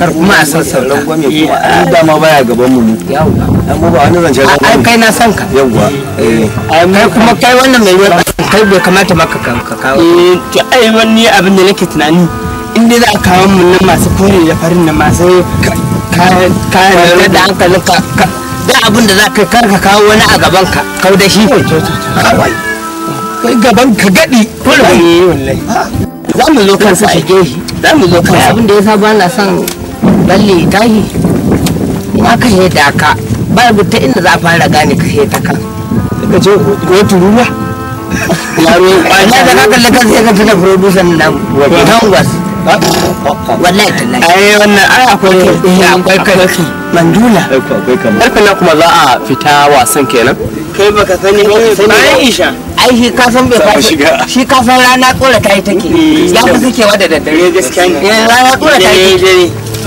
kar kuma a sassauta rangwame eh, kuma ai dama baya gaban mu ne yawwa mu ba wani zancen rangwame ai kai na san ka yawwa eh kai kuma kai wannan mai ruwan kai bai kamata maka ka kawo eh to ai wani abin da nake tunani in dai za a kawo mun nan masu kore da farin nan masu kayan kayan da hankalin ka da abin da za ka kar ka kawo wani a gaban ka kau da shi kawai kai gaban ka gadi kullum wallahi za mu zo kan su shige za mu zo kan abin da ya sa ba na son balle tahi ina ka da ka babu ta inda za fara gane ka ta ka ka ce ko turuma yaro na da ka kalle ka sai ka tuna producer nan wajen gwas wallahi tallahi ai wannan ai akwai eh, akwai kai mandula karfe na kuma za a fita wasan kenan kai baka sani ba bayan isha ai shi ka san bai fashi shi ka san rana kora ta yi take mm. ya fi suke da daddare gaskiya ne eh, rana kora ta yi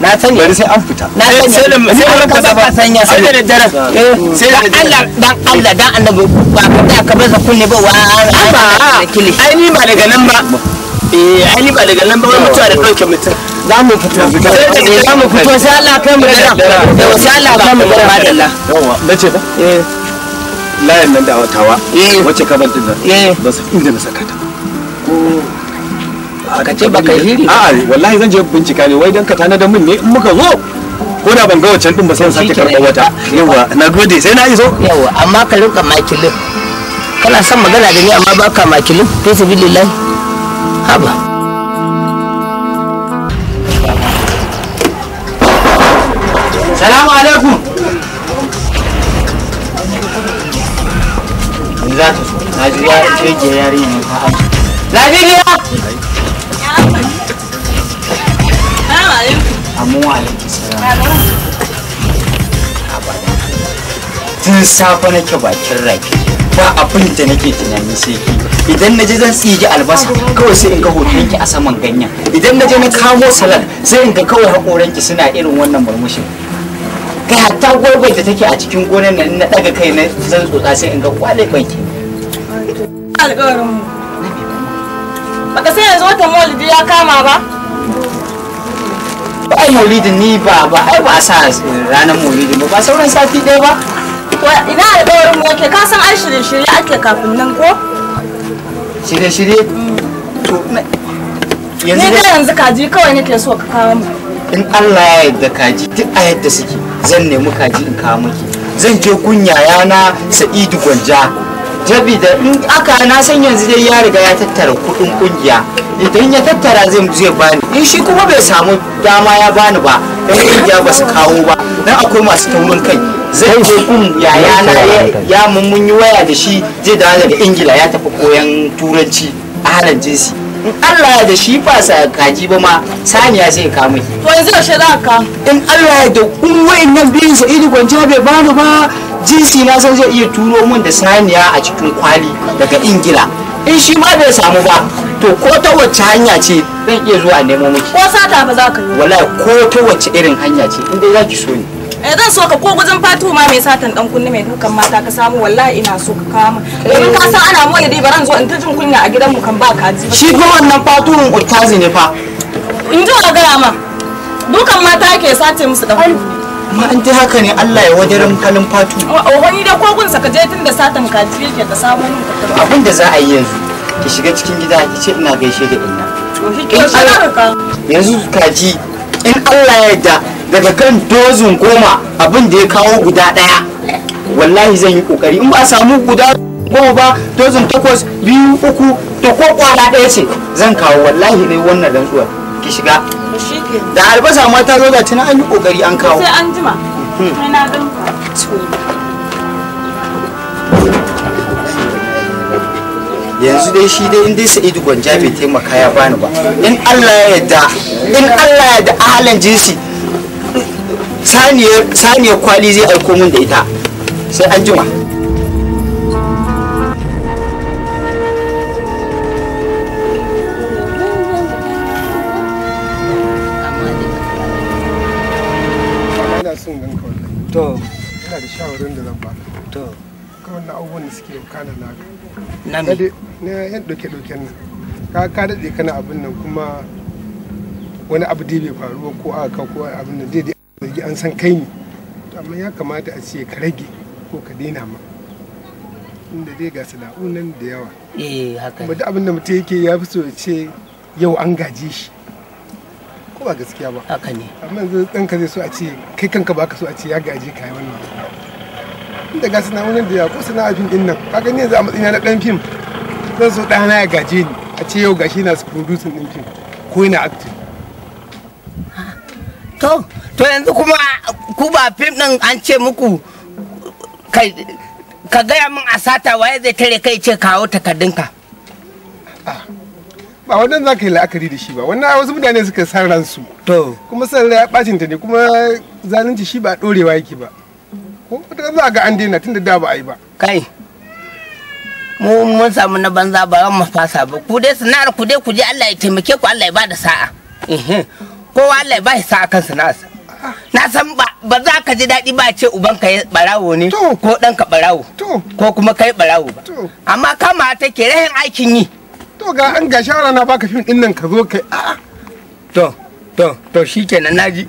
na sani bari sai an fita na sani sai da sai da kasa ba sai da dare eh, sai da Allah dan Allah dan annabi ba ka da ka baza kunne ba wa ba ai ni ba daga nan ba eh ai ni ba daga nan ba wani mutuwa da dauke mutum za mu fito za mu fito sai Allah kai mu dara da sai Allah kai mu dara madalla yawa nace ba eh layin nan da watawa eh. wacce ka ban nan eh. ba sa inda na saka ta ka ce baka yi hiri a'a wallahi zan je bincika ne wai dan ka tana da min ne in muka zo ko da ban ga wancan din ba sai sake karɓar wata yawa na gode sai na iso yawa amma ka rinka makilin kana son magana da ni amma ba ka makilin fi sabilillahi haba salamu alaikum za ta so na ji ya ce yarinya ta amsa lafiya Amin wa alaiki salam. Tun safe nake bakin rafi ba abin da nake tunani sai ki idan na je zan tsige albasa kawai sai in ga hoton ki a saman ganyen idan na je na kamo salad sai in ga kawai hakoran ki suna irin wannan murmushin kai hatta gwargwai da take a cikin gonar nan na daga kai na zan tsotsa sai in ga kwale banki alƙawarin mu baka sai yanzu wata molidi ya kama ba ai maulidin ni ba ba ai ba sa ranar maulidin ba ba sauran sati ɗaya ba ina alƙawarin mu yake ka san ai shirye-shirye ake kafin nan ko shirye-shirye to yanzu ne da yanzu kaji kawai nake so ka kawo mu in Allah ya yarda kaji duk a yadda suke zan nemi kaji in kawo miki zan je kunya yana Sa'idu Gwanja da in aka na san yanzu dai ya riga ya tattara kuɗin kungiya idan ya tattara zai zai bani in shi kuma bai samu dama ya bani ba dan kungiya ba su kawo ba dan akwai masu taurin kai zai je kun yaya na ya mun yi waya da shi zai da daga ingila ya tafi koyan turanci a halin jinsi in Allah ya da shi ba sa kaji ba ma saniya zai ka to yanzu da shi za ka in Allah ya da kun wayannan biyun sa idi gwanja bai bani ba jinsi na san zai iya turo min da saniya a cikin kwali daga ingila in shi ma bai samu ba to ko ta wacce hanya ce zan iya zuwa nemo miki ko sata ba za ka yi wallahi ko ta wacce irin hanya ce in dai zaki so ni eh zan so ka ko gujin fatu ma mai satan dan kunni mai dukan mata ka samu wallahi ina so ka kama domin ka san ana maulidi baran zo in ta jin kunya a gidan mu kan ba ka ji. shi ko wannan faturin urkazi ne fa in ji wa gaya ma dukan mata ke sace musu dan kunni amma an ji haka ne Allah ya wajarin kalin fatu wani da kogun sa ka je tun da satan kaji yake ka samu mun ka abin da za a yi yanzu ki shiga cikin gida ki ce ina gaishe da inna yanzu kaji in Allah ya yarda daga kan dozin goma abin da ya kawo guda daya wallahi zan yi kokari in ba samu guda goma ba dozin takwas biyu uku to ko kwala ɗaya ce zan kawo wallahi ne wannan rantsuwar ki shiga da albasa ma ta zo ga tana an yi kokari an kawo sai an jima hmm. yanzu dai shi dai in dai sa'idu gwanja bai taimaka ya bani ba in allah ya yarda in allah ya yarda halin jinsi saniyar kwali zai aiko min da ita sai an jima dukkanin naka na na yan doke doken nan ka ka daɗe kana abin nan kuma wani abu da bai faruwa ko a ka ko abin nan daidai zargi an san kai ne amma ya kamata a ce ka rage ko ka daina ma inda dai ga sana'u nan da yawa eh haka kuma duk abin da mutum yake ya fi so ya ce yau an gaje shi ko ba gaskiya ba haka ne amma yanzu ɗanka zai so a ce kai kanka ba ka so a ce ya gaje ka yi wannan da na wani da ya ko sana'a fim din nan kaga ni yanzu a matsayina na dan fim zan so dana ya gaje ni a ce yau gashi na su producing din fim ko yana acting to to yanzu kuma ku ba fim din an ce muku kai ka gaya min a sata waye zai tare kai ce kawo takardunka ba wannan za ka yi la'akari da shi ba wannan wasu mutane suka san ransu to kuma san ya bacin ta ne kuma zalunci shi ba dorewa yake ba ko wata za ga an daina tun da ba a yi ba kai mu mun samu na banza ba mu fasa ba ku dai sana'ar ku dai ku je Allah ya taimake ku Allah ya da sa'a kowa Allah ya ba shi sa'a kan sana'arsa na san ba za ka ji daɗi ba ce uban ka barawo ne ko ɗan ka barawo ko kuma kai barawo ba amma kama ta ke rahin aikin yi to ga an ga shawara na baka fim ɗin nan ka zo kai a'a to to to shikenan naji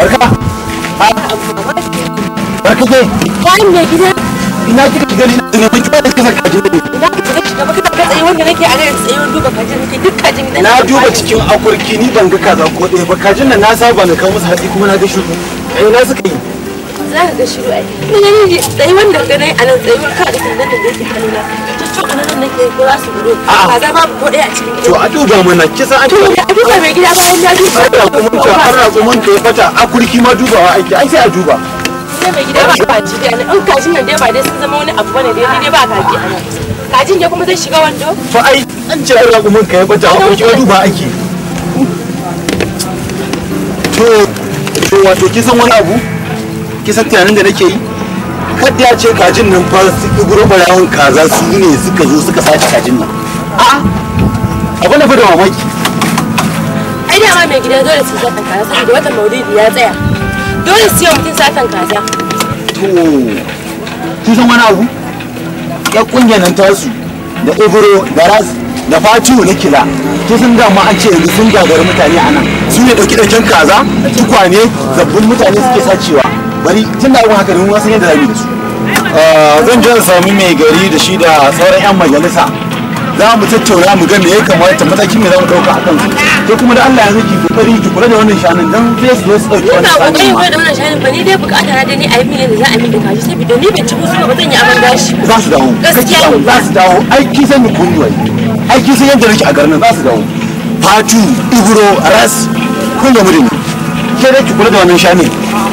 barka barka ke ne gida ina kika shiga da ne ina kika shiga ba kika tsaye wanda nake a nan tsaye duba kajin nake duk kajin na duba cikin akurki ni ban ga kaza ko ɗaya ba kajin nan na saba na kawo musu hatsi kuma na ga shiru eh, na suka yi za ka ga shiru ai ne tsaye wanda ga nai a nan tsaye wanda ka ga tsaye wanda tunanin a to a duba mana kisa an a duba mai gida bayan ya duba an kuma ta an ratsu mun ta fata a kurki ma dubawa ai sai a duba sai mai gida ba ba ji dai an kajin nan dai ba dai sun zama wani abu bane dai dai ba kaji ana kajin dai kuma zai shiga wando ai an ce ka fata a kurki ma duba aiki. to to wato kisan wani abu kisan tunanin da nake yi kadda ya ce kajin nan fa su gurin barawon kaza su ne suka zo suka sace kajin nan a abu na da mamaki ai da ma mai gida dole su satan kaza saboda watan maulidi ya tsaya dole su yi mutum satan kaza to kin san wani abu ya kungiyar nan tasu da ibro da da fatu na kila to sun dama an ce yanzu sun gagari mutane a nan su ne ɗauki ɗauken kaza tukwane zabbin mutane suke sacewa bari tun da abin haka ne mun san yadda zamu da su ah, zan je in sami mai gari da shi da sauran yan majalisa za mu tattauna mu ga me ya kamata mataki me za ɗauka a akan su to kuma da Allah ya saki kokari ki kula da wannan shanin dan zai su zo su dauki wannan shanin ba kula da shanin ba ni dai bukata na dai ni yi mini da za a min da kaji saboda ni ban ci musu ba zan yi abar gashi za su dawo gaskiya za su dawo aiki sai mu kunduwa aiki sai yadda nake a garin za su dawo fatu iguro ras kun ga mu ke dai ki kula da wannan shanin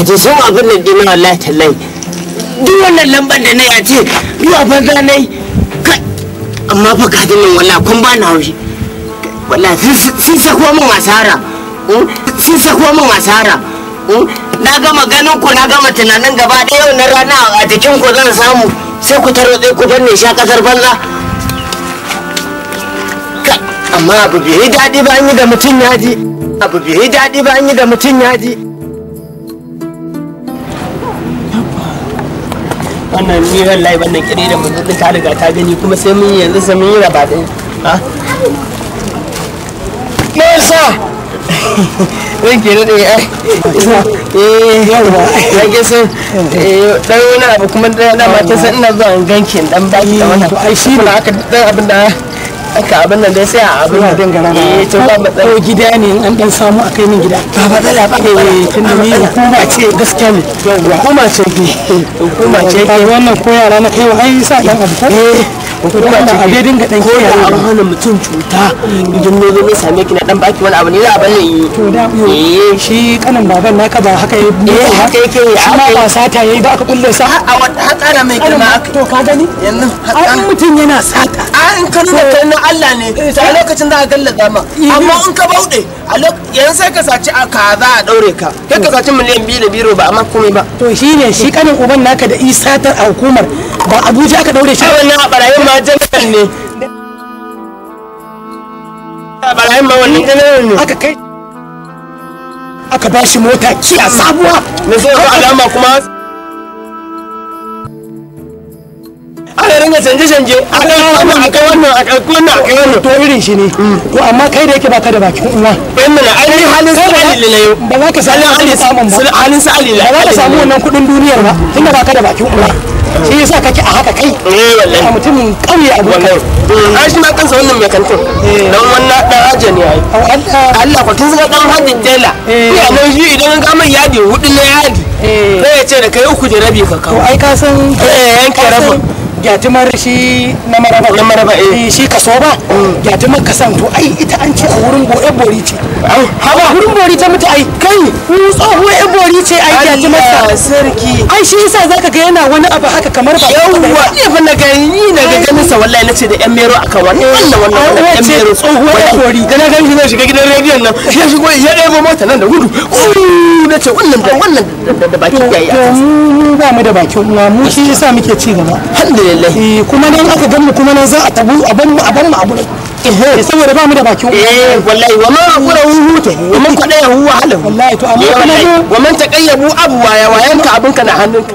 ka ji sun abin nan dina wallahi tallahi duk wannan lambar da na ya ce zuwa banza na yi amma fa ka dinin wallahi kun ba na haushi wallahi sun sakuwa min asara hmm? sun sakuwa min asara hmm? na gama ganin ku na gama tunanin gaba da yau na rana a jikin ku zan samu sai ku taro ku danne sha kasar banza amma abu bai daɗi ba an yi da mutum ya ji abu bai daɗi ba an yi da mutum ya ji wannan ni live wannan kiri da mun ta riga ta gani kuma sai mun yanzu sai mun yi raba din ha me yasa zan ke da ai eh ya ke san dan wani abu kuma dama ta san ina zuwa gankin dan baki da wannan to ai shi ne aka dan abin da aka abin nan dai sai a abin nan din garana eh to ba matsala ko gida ne an dan samu akai min gida ba ba matsala ba eh, eh tun da ni hukuma ce gaskiya ne hukuma ce ke hukuma ce ke wannan ko yara na kai wa ai sa dan abu eh hukuma ce ke dinga dan ko da an hana mutum cuta idan ne zo ne same ki na dan baki wani abu ne za a bari yi to da eh. shi kanan baban naka ba haka yi ne eh, haka yake yi ma ba sata yayi ba aka kulle sa a hatsara mai kina aka to ka gani yanzu hatsan mutum yana sata a ah, in ka nuna kai Allah ne eh, a lokacin za ka gallaza ma amma in ka bauɗe yanzu sai ka saci a kaza a daure ka kai ka saci miliyan biyu da biro ba amma komai ba to shine shi kanin uban naka da isa ta hukumar ba abuja aka daure shi wannan a barayin ma janar ne a barayin ma wannan janar ne aka kai aka bashi mota kiya sabuwa na zo alama kuma ana ringa canje canje a kai wannan a kai wannan a kai wannan a wannan to irin shi ne to amma kai da yake baka da baki. uwa in eh, mana ai halin sa ali ne ba za ka samu halin samun ba halin sa ali ba za ka samu wannan kudin duniyar ba tunda baka da bakin uwa shi yasa kake a haka kai eh wallahi a mutumin kauye abu kai eh. ai shi na kansa wannan mai kantin eh. dan wannan dan hajji ne ai Allah ko kin ga dan hajji jela ya nan shi idan ka mai yadi hudu na yadi sai ya ce da kai uku da rabi ka kawo ai ka san eh yanke gyatumar shi na maraba na maraba eh, eh shi kaso ba mm. gyatumar kasan to ai ita an ce a wurin bore bori ce haba wurin bori ta mutu ai kai mu tsohuwar bori ce ai gyatumar ta sarki ai shi yasa zaka ga yana wani abu haka kamar ba yawwa ne fa na gani ni na ga ganin sa wallahi nace da yan mero aka wani eh, wannan wannan yan mero tsohuwar yan bori da na gani shi ne shiga gidan rediyon nan shi shigo ya ɗaya mota nan da gudu na ce wannan da wannan da bakin yayi a mu ba mu da bakin uwa mu shi yasa muke ci gaba alhamdulillah eh kuma nan aka gan mu kuma nan za a tabu a ban mu a ban mu abu eh saboda ba mu da bakin eh wallahi wa ma akura hu huta wa man kada ya huwa halu wallahi to amma wa man taqayyabu abu waya wayanka abinka na hannunka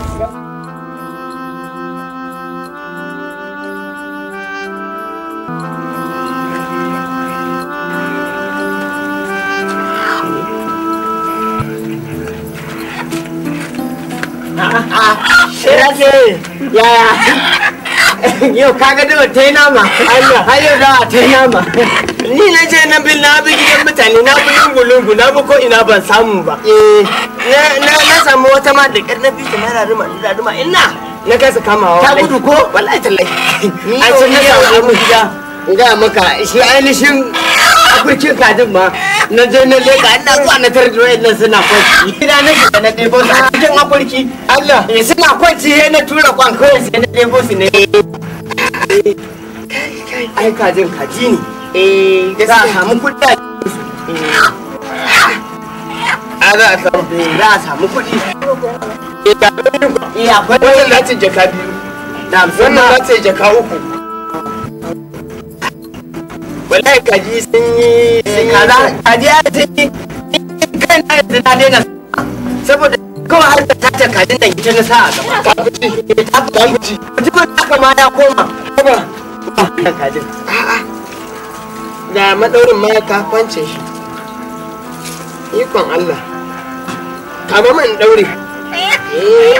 ce yaya yau kaga da ta yi nama har yau da ta yi nama ni na je na bin na bi gidan mutane na bi lungu-lungu na bi ko ina ban samu ba eh. na samu wata ma da na bi ta mara ruma da ruma ina na kasa kamawa ta gudu ko wallahi tallahi a cikin yau gida ga maka shi ainihin ka jin ma na je na leka ina zuwa na tarar da wayannan suna kwanci gida na ke na debo su a cikin afirki Allah ya eh, suna kwanci sai na tura kwan kawai sai na debo su eh, ne ai ka jin ka ji ne eh za a samu kuɗi a a za a samu za a samu kuɗi eh akwai wannan latin jaka biyu na wannan latin jaka uku wallahi kaji sun yi kaza kaji ya sun yi kai na yanzu na daina saboda kawai har ta tace kajin nan ita na sa a gaba kafuci ta kafuci mutumin haka ma ya koma kaba ba kajin ga madaurin ma ka kwance shi ikon Allah kama man daure eh.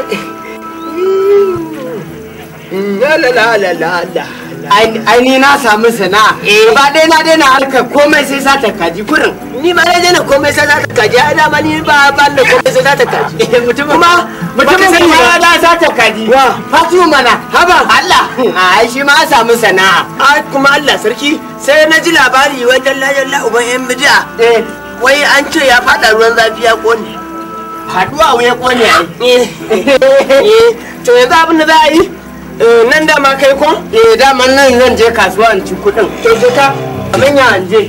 hmm. la la la la la ai ni na samu sana'a eh. Ba dai na na harkar komai sai sata kaji kurin ni ma na komai sai sata kaji ai da mani ba ba da komai sai sata kaji eh, kuma mutumin ne ma na sata kaji fatu mana haba Allah ai shi ma samu sana'a ai kuma Allah sarki sai na ji labari wai dalla dalla uban yan bidiya eh. wai an ce ya fada ruwan zafi ya kone faduwa wuya kone ai to yanzu abin da za a yi Eh, nan dama kai ko? eh dama nan zan je kasuwa in ci kudin. to je ka kamar ya in je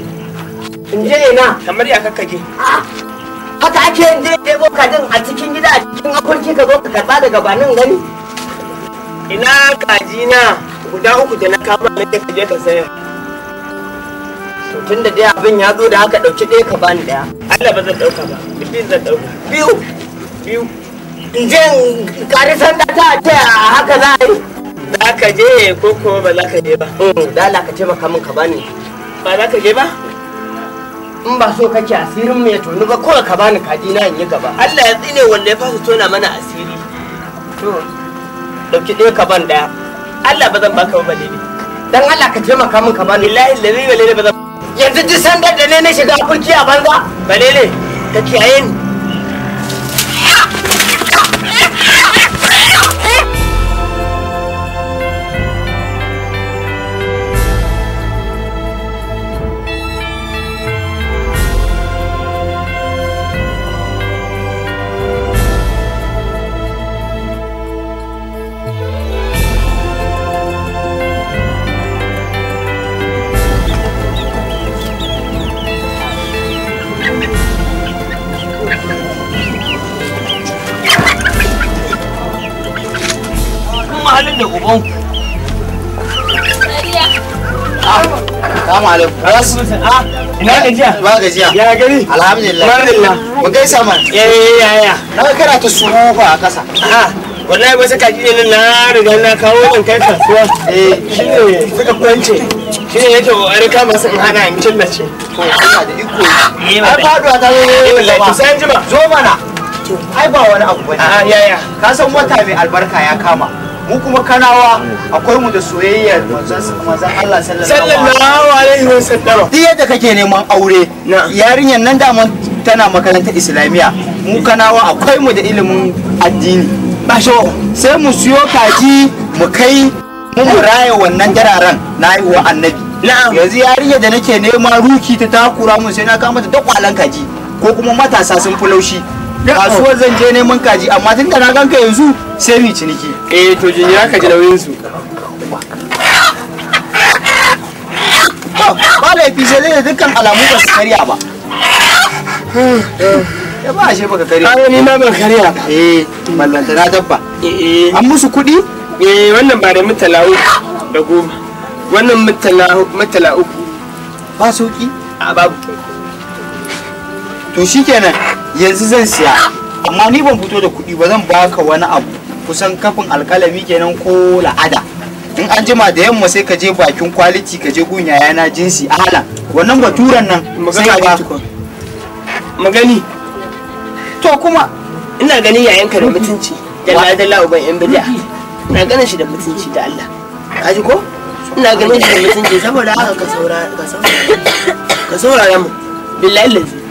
in je ina kamar ya kakkage haka ake in je ɗebo kajin a cikin gida a cikin akurki ka zo ka karba daga banin gani ina kaji na guda uku da na kama na ka je ka sayar tun da dai abin ya zo da haka dauki ɗaya ka bani daya Allah ba zan ɗauka ba biyu zan ɗauka biyu biyu jin karisan da ta ce a haka za a yi za ka je ko ko ba za ka je ba eh, da Allah ka taimaka min ka bani ba za ka je ba in ba so kake asirin mai tonu ba kawai ka bani kaji na yin yi gaba Allah ya tsine wanda ya fasa tona mana asiri to dauki ɗaya ka ban daya Allah ba zan baka ba lele. dan Allah ka taimaka min ka bani billahi lazi ba lele ba zan yanzu duk sandar da ne na shiga kurkiya a banza ba lele ka kiyaye ni Assalamu alaikum. Ah, ina gajiya? Ba gajiya. Ya gari? Alhamdulillah. Alhamdulillah. Mu gaisa Eh, ya ya. Na kana ta sumo a kasa. Ah, wallahi ba saka jiya na riga na kawo in kai kasuwa. Eh, shine suka kwance. Shine yake kokari kama su in hana in killace. To, Allah da iko. Eh, ai faduwa ta zo eh, Wallahi jima. Zo mana. Ai ba wani abu bane. A'a, ya ya. Ka san wata mai albarka ya kama. mu kuma kanawa akwai mu da soyayya manzon Allah sallallahu alaihi wasallam duk yadda kake neman aure yarinyar nan daman tana makarantar islamiya mu kanawa akwai mu da ilimin addini ba sai mu siyo kaji mu kai mu muraya wannan jararan na wa annabi yanzu yarinyar da nake neman ruki ta takura mu sai na kama ta dakwalan kaji ko kuma matasa sun fi laushi. kasuwar zan je neman kaji amma tun da na ganka yanzu sai mi ciniki eh to ya ka ji nauyin su ba laifi sai da dukkan alamu ba su karya ba ya ba shi baka karya ai ni ma ban karya ba eh mallanta na dabba eh, eh an musu kuɗi eh wannan ba da mutala da goma wannan mutala uku ba sauki a babu to shikenan yanzu zan siya amma ni ban fito da kuɗi ba zan baka wani abu kusan kafin alkalami kenan ko la'ada in an jima da yamma sai ka je bakin kwaliti ka je gunya yana jinsi ala wannan baturan nan sai ba magani to kuma ina ganin yayanka da mutunci da dalla uban yan bid'a na ganin shi da mutunci da Allah kaji ko ina ganin shi da mutunci saboda haka ka saurara ka saurara mu billahi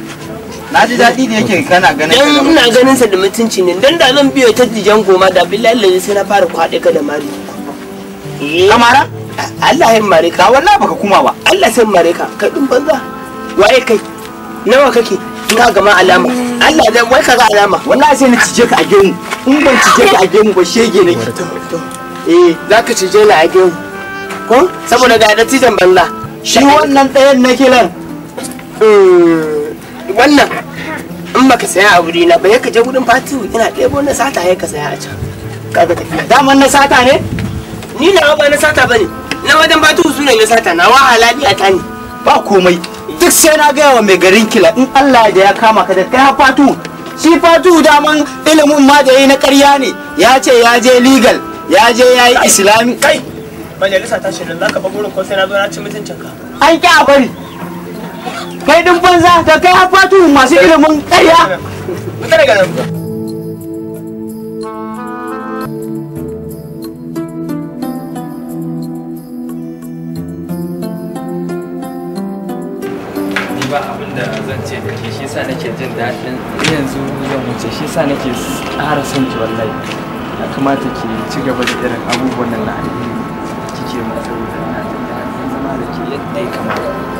na ji daɗi da yake kana ganin dan ina ganin sa da mutunci ne dan da zan biyo ta dijan goma da billahi lalle sai na fara kwaɗe ka da mari kamara Allah ya mare ka wallahi baka kuma ba Allah sai mare ka kai din banza waye kai nawa kake ka ga ma alama Allah da wai ka ga alama wallahi sai na cije ka a gemu in ban cije ka a gemu ba shege nake eh zaka cije ni a gemu ko saboda ga da tijan banza shi wannan ɗayan nake nan eh. wannan in baka saya a wuri na ba ya ka je gudun fatihu ina ɗebo na sata ya ka saya a can kaga tafiya da na sata ne ni na ba na sata bane na wajen fatihu sunan na sata na wa halali a tani ba komai duk sai na gaya wa mai garin kila in Allah da ya kama ka da kai fatu shi da man ilimin ma da yayi na ƙarya ne ya ce ya je legal ya je ya yi islami kai majalisa ta shirin za ka ba gurin ko sai na zo na ci mutuncin ka an ki a bari kai din banza da kai fatu masu ilimin ƙarya ba abin da zan ce da ke shi sa nake jin daɗin yanzu zan wuce shi sa nake ƙara son ki wallahi ya kamata ki ci gaba da irin abubuwan nan na alheri kike masu da na jin daɗin zama da ke yadda ya kamata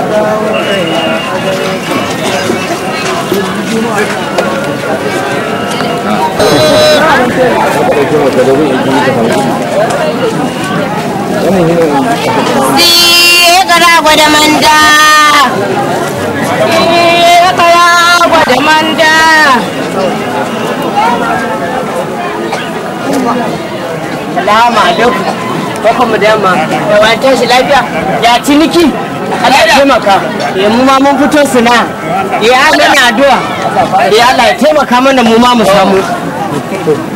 Sigara gwada manda. Sigara gwada manda. Salamu alaikum. da yamma. Yawan lafiya. Ya ciniki. Allah ya taimaka ya mu ma mun fito suna ya Allah na addu'a ya Allah ya taimaka mana mu ma mu samu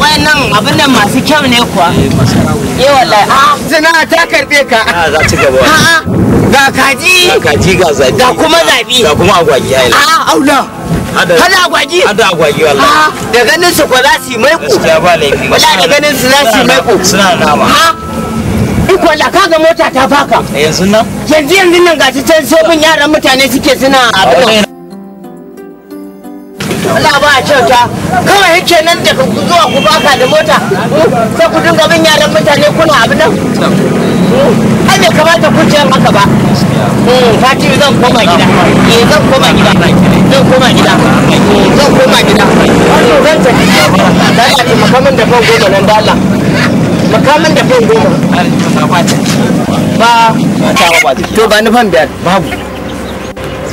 wannan abin nan masu kyau ne kuwa eh, eh wallahi ah, zina ta karbe ka a ah, za ci gaba ah, ga kaji ga zabi ga kuma zabi ga kuma agwagi a aula hada agwagi hada agwagi da ganin su ko za su yi mai ku ba da ganin su za su yi mai ku suna nama Iko kaga mota ta faka. Eh, yanzu nan? Yanzu yanzu nan gaci can sai bin yaran mutane suke suna abin Allah ba a kyauta kawai yake nan da ku zuwa ku baka da mota sai ku dinga bin yaran mutane kuna abu nan ai bai kamata ku ce maka ba hmm, fati zan koma gida eh zan koma gida zan koma gida zan koma gida zan tafi da Allah ki makamin da fan goma nan da Allah makamin da fan goma ba ta ba to ba ni fan biyar babu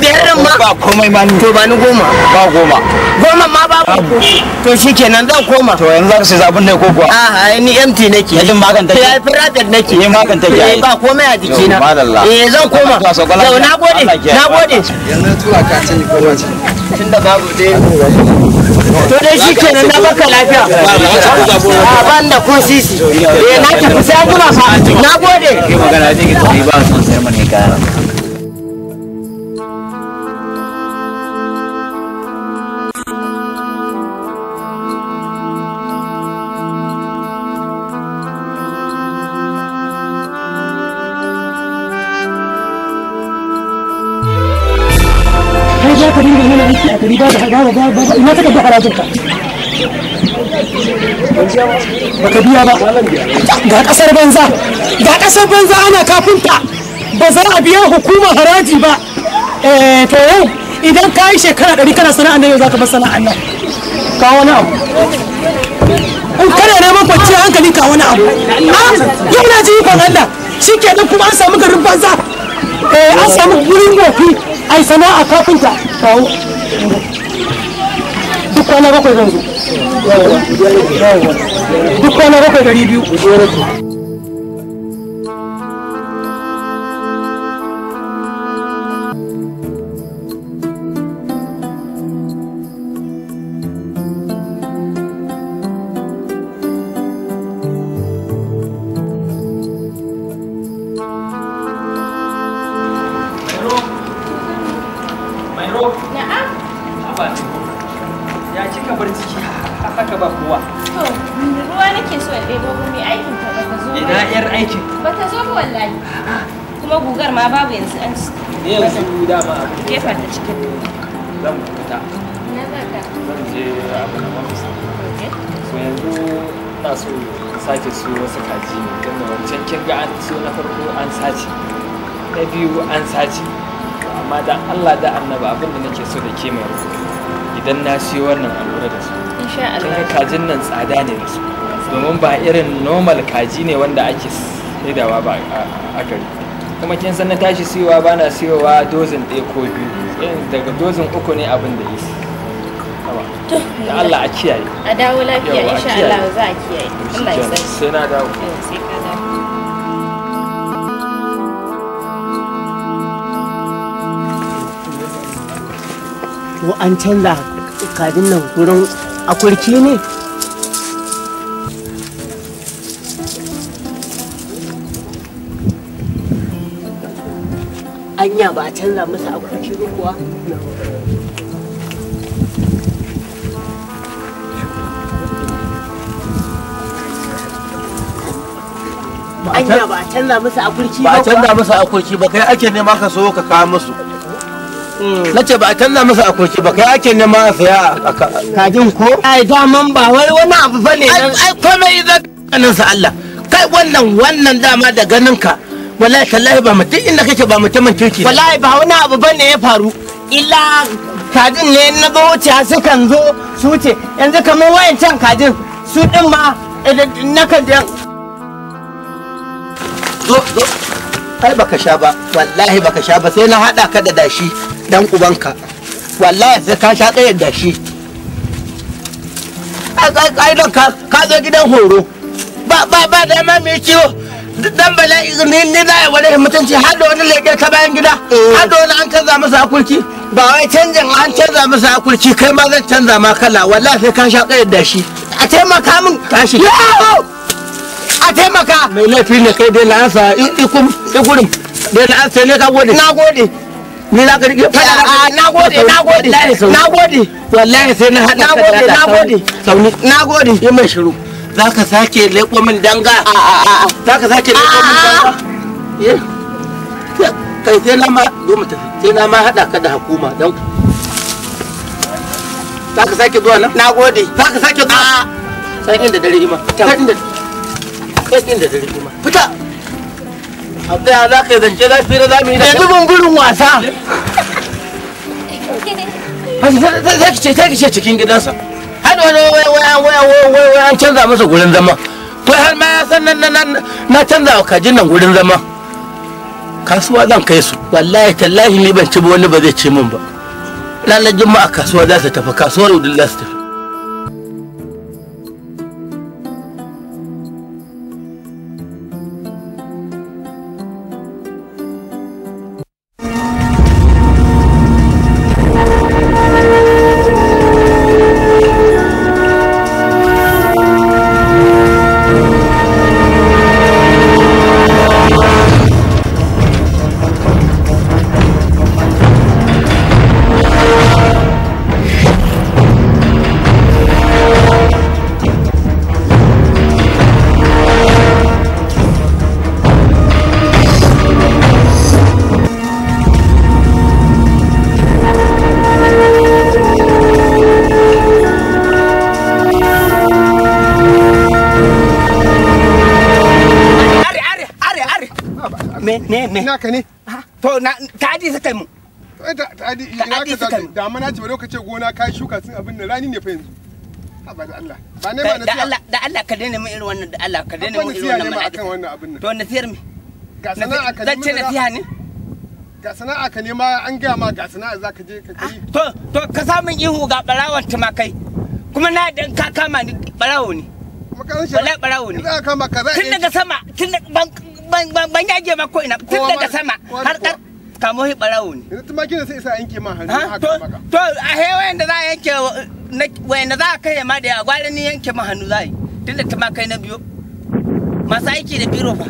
biyar din ma ba komai ba to ba ni goma ba goma goma ma ba ku to shikenan zan koma to yanzu sai zabin ne ko kuwa a ah, a ni MT nake yadin magan take ya private nake ni magan take eh ba komai a jiki na eh zan koma yau na gode na gode yanzu tura ka ce ni goma ce tunda babu dai to dai shi shikenan na baka lafiya a ah, ban da ko sisi eh na tafi sai an jima fa na gode ke magana je ke tafi ba son sai mun ne kara riga ba ina take da harajin ka baka biya ba ga kasar banza ga kasar banza ana kafinta ba za a biya hukuma haraji ba eh to yau idan ka yi shekara ɗari kana sana'a nan yau za ka bar sana'an nan ka wani abu in kana neman kwanciyar hankali ka wani abu yau na ji ikon Allah shi ke nan kuma an samu garin banza an samu gurin gofi ai sana'a kafinta kawo duk kwana bakwai zan zo duk kwana bakwai Allah da annaba abin da nake so da ke mai idan na siyo wannan allura da su insha Allah kajin nan tsada ne da su domin ba irin normal kaji ne wanda ake saidawa ba a gari kuma kin san na tashi siyowa ba na siyowa dozin ɗaya ko biyu eh, daga dozin uku ne abin da yake da Allah a kiyaye a dawo lafiya insha Allah za a kiyaye Allah ya sai na dawo ko an canza kadin nan gurin akurki ne anya ba canza masa akurki kuwa ba a canza masa akurki ba ba a canza masa akurki ba kai ake nema ka so ka kawo musu na ce ba a canza masa akoki ba kai ake nema a saya a kajin ko ai daman ba wai wani abu ba ne ai komai idan ganin sa Allah kai wannan wannan dama da ganin ka wallahi tallahi ba mutum inda kake ba mutumin kirki wallahi ba wani abu ba ne ya faru illa kajin ne na zo wuce sukan zo su wuce yanzu kamar can kajin su din ma na kan zo zo kai baka sha ba wallahi baka sha ba sai na hada ka da dashi dan ubanka wallahi sai ka sha tsayar da shi ƙa'idan ka zo gidan horo ba ba ba da ma mai ciwo dan bala ne ni na wani mutunci har da wani leƙe ta bayan gida eh. har da wani an canza masa akulki ba wai canjin an canza masa akulki kai ma zan canza ma kala wallahi sai ka sha tsayar da shi a taimaka min tashi a taimaka mai laifi ne kai dai na ansa ikurin dai na ansa ne ka gode na gode ni za ka rike fada a na gode na gode na gode wallahi sai na hada na gode na gode sauni na gode yi mai shiru za ka sake leko min danga za ka sake leko min danga kai sai na ma zo mu tafi sai na ma hada ka da hukuma dan za ka sake zuwa nan na gode za ka sake zuwa sai inda dare ima sai inda sai inda dare ima fita a tsaya za ka zance lafiyar za mu yi ya ban gurin wasa za ki ce ta ki ce cikin gidansa har wani wai an canza masa gurin zama kai har ma ya san nan na canza wa kajin nan gurin zama kasuwa zan kai su wallahi tallahi ni ban ci ba wani ba zai ci min ba Lallai juma'a kasuwa za su tafi kasuwar udin za su tafi damana bari ka ce gona ka shuka sun abin da rani ne fa yanzu ba da Allah ba ne ba na da Allah da Allah ka daina min irin wannan da Allah ka daina min irin wannan ma akan wannan abin nan to na nasiyar mi ga sana'a ka zan ce nasiha ne ga sana'a ka nema an ga ma ga sana'a za ka je ka ah, kai to to ka samun ihu ga barawar ta ma kai kuma na dan ka kama ni barawo ne wallahi barawo ne tun daga sama tun daga ban ban ban yage ma ko ina tun daga sama har kamo shi barawo ne yanzu tuma kina sai isa yanke ma hannu haka maka to a he wayanda za a yanke wayanda za a kai ma da yawa gwara ni yanke ma hannu zai tunda tuma kai na biyo masu aiki da biro fa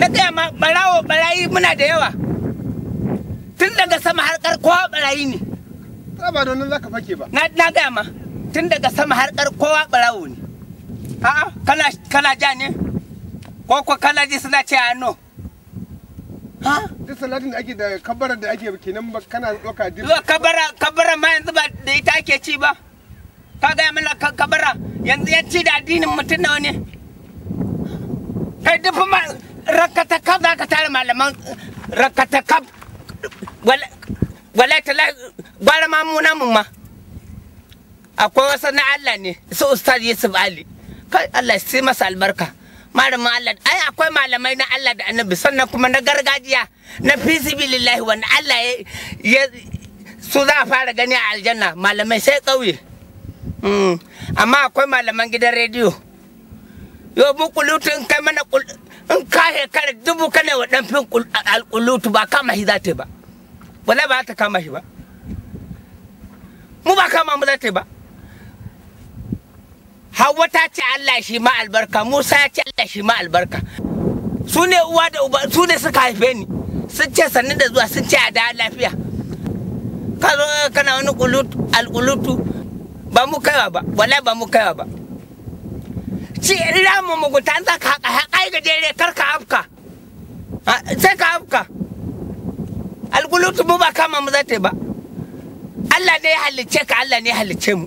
na kai ma barawo barayi muna da yawa tun daga sama har kowa barayi ne ba don wannan zaka fake ba na na gaya ma tun daga sama har kowa barawo ne a'a kana kana ja ne ko ko kana ji suna ce a no duk salatin da ake da kabbara da ake kenan ba kana ɗauka duk kabbara kabbara ma yanzu ba da ita ake ci ba ka gaya mana kabbara yanzu ya ci da addinin mutum nawa ne kai duk ma rakata kab za ka tare malaman rakata kab wala ta gwara ma muna mun ma akwai wasu na Allah ne su ustaz Yusuf Ali kai Allah sai masa albarka malamin Allah ai akwai malamai na Allah da annabi sannan kuma na gargajiya na fisibi lillahi wanda Allah ya su za a fara gani a aljanna malamai sai ƙauye hmm, amma akwai malaman gidan rediyo yau mu kulutu in kai mana kul in ka hekara dubu kana wa dan fin alkulutu ba kama shi za ta ba wala ba ta kama shi ba mu ba kama mu za ta ba Hauwa ta ce Allah shi ma albarka, Musa ya ce Allah shi ma albarka. Su ne uwa da uba, su ne suka haife ni. Sun ce sannu da zuwa sun ce a da lafiya. Ka zo kana wani alƙulutu ba mu kaiwa ba, wala ba mu kaiwa ba. Ci ina mu mugunta an zaka haka haka ga jere kar ka afka. Sai ka afka. alƙulutu mu ba kama mu zata ba. Allah ne ya halicce ka Allah ne ya halicce mu.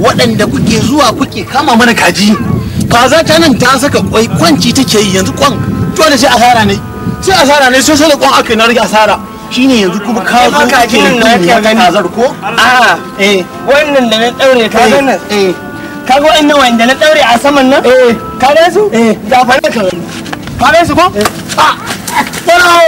waɗanda kuke zuwa kuke kama mana kaji kaza ta nan ta saka kwai kwanci take yi yanzu kwan dole sai asara ne sai asara ne sai sai da kwan aka na rage asara shine yanzu kuma ka zo kake da kunya kazar ko a eh wannan da na daure ka ga nan eh ka ga wannan da na daure a saman nan eh ka ga su eh da fara ka fara su ko eh. a ah. fara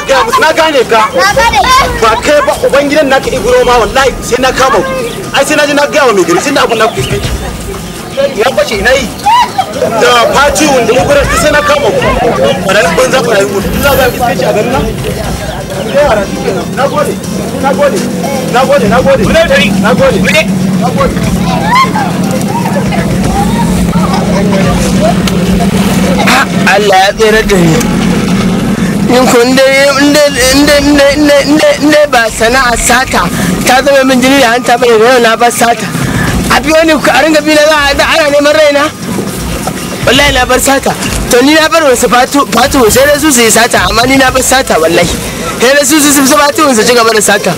na gaya musu na gane ka ba kai ba ubangidan naka iguro ma wallahi sai na kama ku ai sai na na gaya wa mai gari sai na abun na ku ya bace yi da wanda mu gurin sai na kama ku wannan banza ku rayu ku za a garin nan na na gode na gode na gode na gode na gode na gode Allah ya tsere da ni in ko inda ba sana'a sata ta zama min jini da hanta bane da yau na bar sata a bi wani a ringa bi na za a ana neman raina wallahi na bar sata to ni na bar wasu fatu sai da su su yi sata amma ni na bar sata wallahi sai da su su su fatu su ci gaba da sata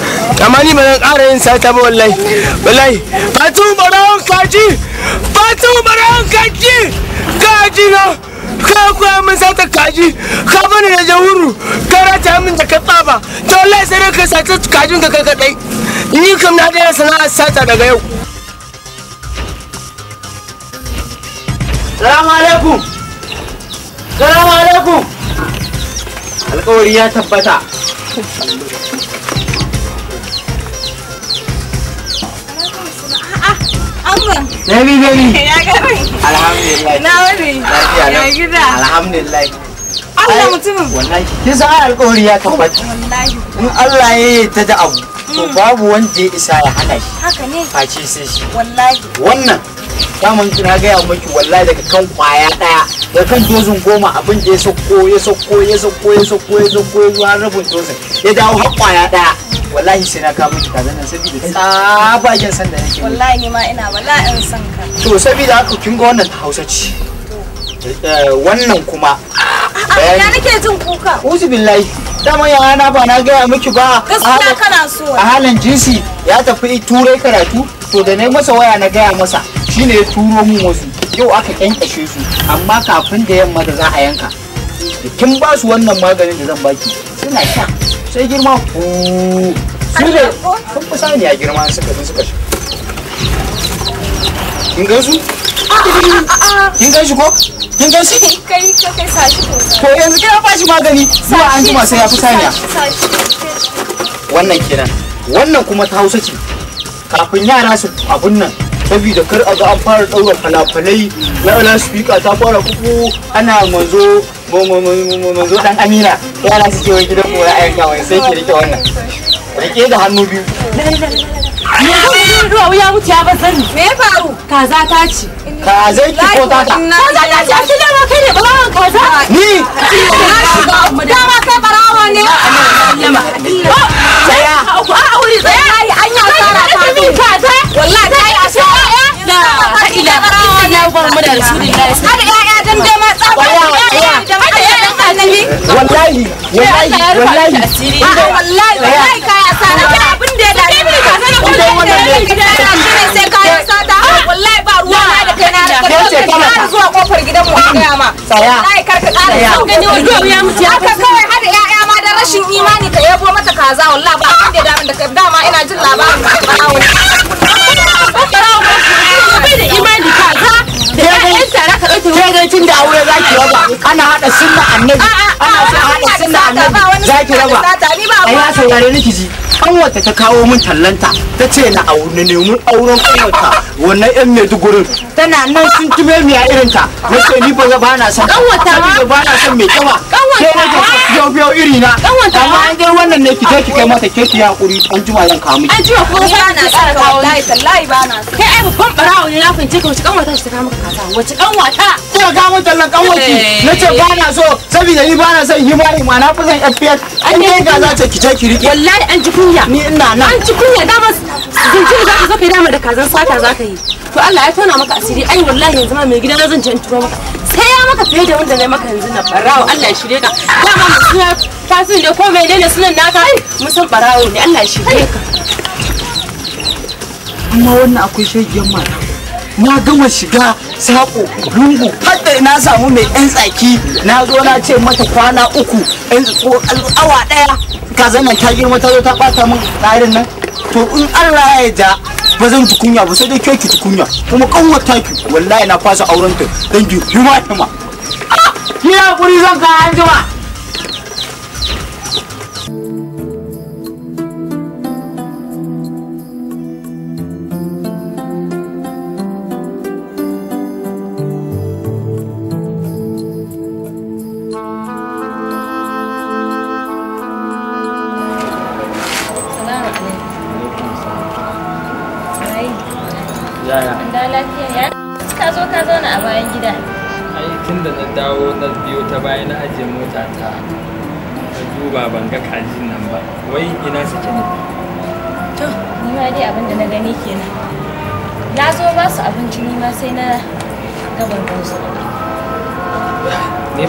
amma ni ba zan ƙara yin sata ba wallahi wallahi fatu barawon kaji fatu barawon kaji kaji na ka koya min sata kaji ka da jahuru ka ta min da ka tsaba ta wallahi sai ka sata kajin ka kai kadai ni kam na daina sana'ar sata daga yau salamu alaikum salamu alaikum alkawari ya tabbata Muhammad. Baby baby. Ya gari. Alhamdulillah. Na wani. Lafiya gida. Alhamdulillah. Allah mutumin. Wallahi. Kin san alƙawari ya tabbata. Wallahi. In Allah ya yarda da abu. To babu wanda ya isa ya hana shi. Haka ne. Face sai shi. Wallahi. Wannan daman na gaya maki wallahi daga kan kwaya daya da kan dozin goma abin da ya sauko ya sauko ya sauko ya sauko ya sauko ya zuwa rabin dozin ya dawo har kwaya daya wallahi sai na ka miki kazan nan saboda tsabagen san da nake wallahi ni ma ina bala'in san ka to saboda haka kin ga wannan Hausa ce eh, wannan kuma Ya nake jin kuka. Uzu billahi. Dama yana ba na gaya miki ba. Gaskiya kana so. A halin jinsi ya tafi turai karatu to da na masa waya na gaya masa shine ya turo mun wasu yau aka kyankyashe su amma kafin da yamma da za a yanka kin ba su wannan maganin da zan baki suna sha sai girma ku su da sun fi sani a girma suka zo suka shi kin gansu? su kin gan shi ko kin gan shi kai kai sa shi ko yanzu kina ba shi magani zuwa an jima sai ya fi saniya wannan kenan wannan kuma ta hausa ce kafin yara su abun nan saboda kar a ga an fara ɗaura falafanai na ana speaker ta fara kuku ana manzo manzo dan amina yara suke wani gidan kora ayyuka wani sai ke rike wannan rike da hannu biyu Ruwa ya wuce ba sani. Me ya faru? Kaza ta ci Kaza ki ko ta ta? Kaza ta ne ma kai ne kaza. Ni. Dama kai ne. Tsaya. A wuri tsaya. an yi asara ta zo. Kaza. Wallahi ta yi asara. Na. Ila. 'ya'ya dan dama tsaba. hankali wallahi wallahi wallahi wallahi wallahi kaya sana abin da ya dace ne ka sani ko da ne sai kaya sata wallahi ba ruwa na da kai na da kai ka zuwa kofar gidan mu ga ma wallahi kar ka son gani ya mutu haka kawai hada ya'ya ma da rashin imani ka yabo mata kaza wallahi ba abin da ya dace da kai dama ina jin labarin ka ba da imani kaza in tara da aure za ki raba ana sunna annabi ana sunna annabi raba a ya saurare ni ta kawo min tallanta ta ce na nemi auren kanwata wannan yan Maidugurin tana nan sun tume miya irin ta ce ni ba ba na san kanwata ba ba na san mai kawa kanwata ba yau biyo iri na wata amma an dai wannan ne ki je ki kai mata ke ki hakuri an juma yan kawo miki an juma ko ba na san wallahi tallahi ba na san kai ai babban barawo ne na fince ka wace kanwata ta kama kasa wace kanwata ko ga mun tallan eh. na ce ba na so saboda ni ba na san himari ma na fi san FPS an dai ga za ta ki je ki rike wallahi an ji kunya ni ina nan an ji kunya da Zinjiri za ka zo ka dama da kazan sata za ka yi. To Allah ya tona maka asiri ai wallahi yanzu ma mai gida na zan can turo maka. Sai ya maka fiye da wanda na maka yanzu na barawo Allah ya shirye ka. Dama mu suna fasin da ko mai daina sunan naka mu san barawo ne Allah ya shirye ka. Amma wannan akwai shaggiyar mata. Na gama shiga sako lungu hadda na samu mai yan tsaki na zo na ce mata kwana uku awa ɗaya. ka zana ta girma ta zo ta ɓata min tsarin nan to in Allah ya ja ba zan tukunya ba sai dai kyau ki tukunya kuma kanwata ki wallahi na fasa auren ta dan ah, ki ma ta ma ni hakuri zan an anjima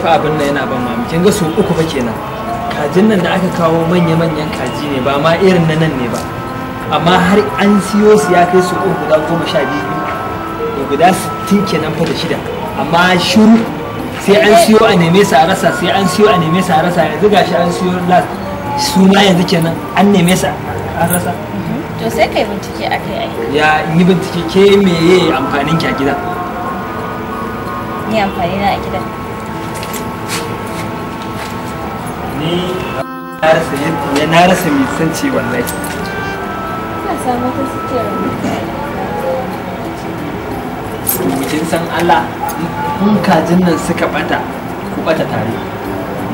fa abin nan yana ban mamaki kin ga su uku fa kenan kajin nan da aka kawo manya manyan kaji ne ba ma irin na nan ne ba amma har an siyo su ya kai su uku guda goma sha biyu da guda sittin kenan fa da shida amma shiru sai an siyo a neme su a rasa sai an siyo a neme su a rasa yanzu gashi an siyo last su ma yanzu kenan an neme su a rasa mm-hmm. to sai kai bincike akai ai ya yi bincike ke meye amfanin ki a gidan ni amfani na a gida ni na rasa mai san ce wallahi ka san Allah in kajin nan suka bata ku bata tare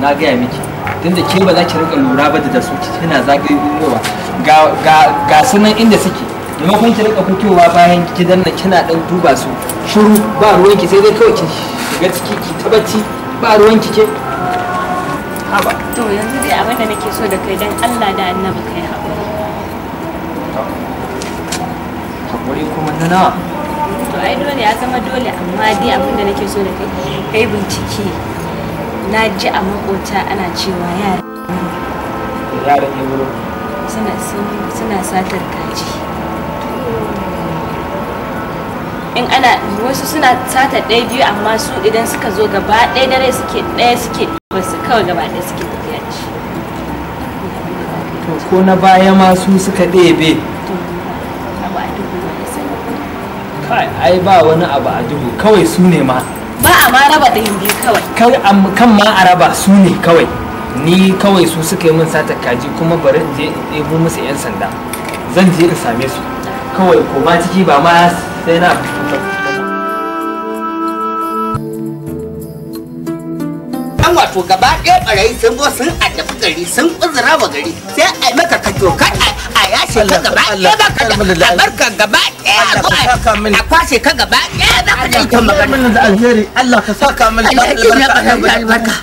na gaya miki Tunda ke ba za ki rika lura ba da su tana zagayowa ga sunan inda suke kun ki rika fitowa bayan ki nan, kina dan duba su shiru ba ruwan ki, sai dai kawai ki shiga ciki ki tabbaci ba ruwan ki ke haba to yanzu dai abin da nake so da kai dan Allah da annabi kai haƙuri haƙuri kuma na to ai dole ya zama dole amma dai abin da nake so da kai kai bincike na ji a makota ana cewa yara yara ne wurin suna suna satar kaji in ana wasu suna sata ɗaya biyu amma su idan suka zo gaba ɗaya dare suke ɗaya suke su kawai gaba ɗaya suke tafiya da to ko na baya ma su suka ɗebe ai ba wani abu a dubu kawai su ne ma ba a ma raba ɗayan biyu kawai kan ma a raba su ne kawai ni kawai su suka yi min sata kaji kuma bari je in ɗebo musu 'yan sanda zan je in same su kawai koma ciki ba ma sai na fito wato gaba ɗaya barayi sun zo sun addabi gari sun uzura wa gari sai a maka ka toka a yashe ka gaba ɗaya ba ka da albarka gaba ɗaya a kwashe ka gaba ɗaya ba ka da ita magana. da alheri Allah ka saka min da albarka.